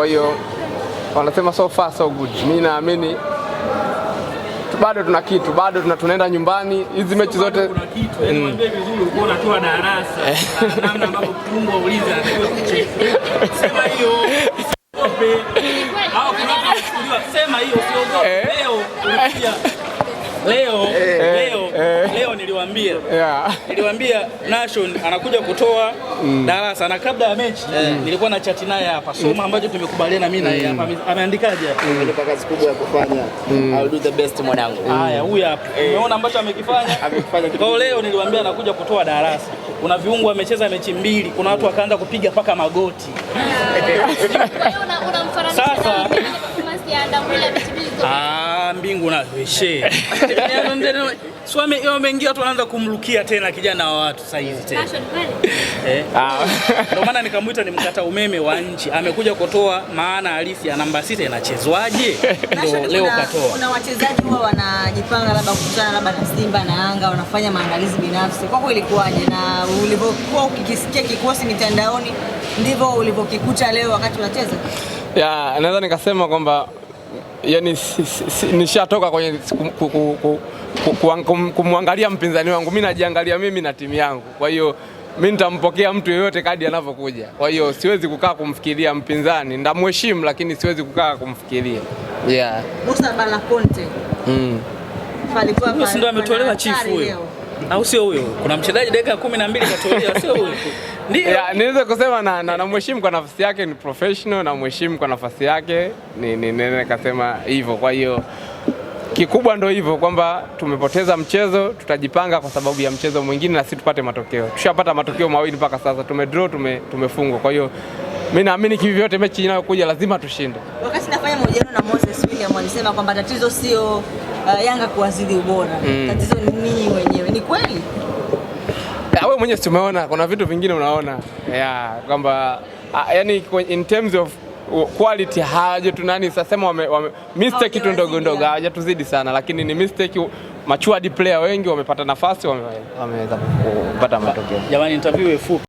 Kwa hiyo wanasema so far so good. Mi naamini bado tuna kitu, bado tunaenda nyumbani. Hizi mechi zote leo niliwaambia yeah. niliwaambia Nation anakuja kutoa mm. darasa na kabla ya mechi eh. mm. nilikuwa na chat naye hapa soma mm. ambacho tumekubaliana mimi naye mm. hapa mm. ameandikaje hapa mm. ndio kazi kubwa ya kufanya mm. I'll do the best mwanangu haya mm. huyu hapa hey. Eh. umeona ambacho amekifanya amekifanya kwa leo niliwaambia anakuja kutoa darasa kuna viungo amecheza mechi mbili kuna watu wakaanza kupiga paka magoti sasa Ah, mbingu na So wameingia watu wanaanza kumrukia tena kijana wa watu sasa hivi tena. Eh. Ah. Ndio maana nikamwita ni mkata umeme wa nchi. Amekuja kutoa maana halisi ya namba sita inachezwaje? Ndio leo katoa. Kuna wachezaji huwa wanajipanga labda kukutana labda na Simba na Yanga wanafanya maandalizi binafsi. Kwako ilikuwaje na ulivyokuwa ukikisikia kikosi mitandaoni ndivyo ulivyokikuta leo wakati unacheza? Ya, naweza nikasema kwamba yani nishatoka kwenye kumwangalia mpinzani wangu, mi najiangalia mimi na timu yangu. Kwa hiyo mi nitampokea mtu yeyote kadi anavyokuja. Kwa hiyo siwezi kukaa kumfikiria mpinzani, ndamheshimu lakini siwezi kukaa kumfikiria. Yeah. Musa Bala Conte. Mm. Ndio ametolewa chifu huyo au sio huyo? Kuna mchezaji dakika 12 katolewa, sio huyo? Ndio. Yeah, niweze kusema na, na, na mheshimu kwa nafasi yake ni professional na mheshimu kwa nafasi yake ni ni, nene kasema hivyo. Kwa hiyo kikubwa ndo hivyo kwamba tumepoteza mchezo, tutajipanga kwa sababu ya mchezo mwingine na si tupate matokeo. Tushapata matokeo mawili mpaka sasa, tume draw, tume, tumefungwa. Kwa hiyo mimi naamini kivi vyote mechi inayokuja lazima tushinde. Wakati nafanya mahojiano na Moses William alisema kwamba tatizo sio uh, Yanga kuwazidi ubora mm. Tatizo ni nini wenyewe, ni kweli ah, wewe mwenyewe tumeona kuna vitu vingine unaona yeah, kwamba uh, yani in terms of quality tu nani sasema wame, wame, mistake okay, tu ndogo ndogo tuzidi sana, lakini ni mistake matured player wengi wamepata nafasi wameweza kupata matokeo. Jamani, interview ifupi.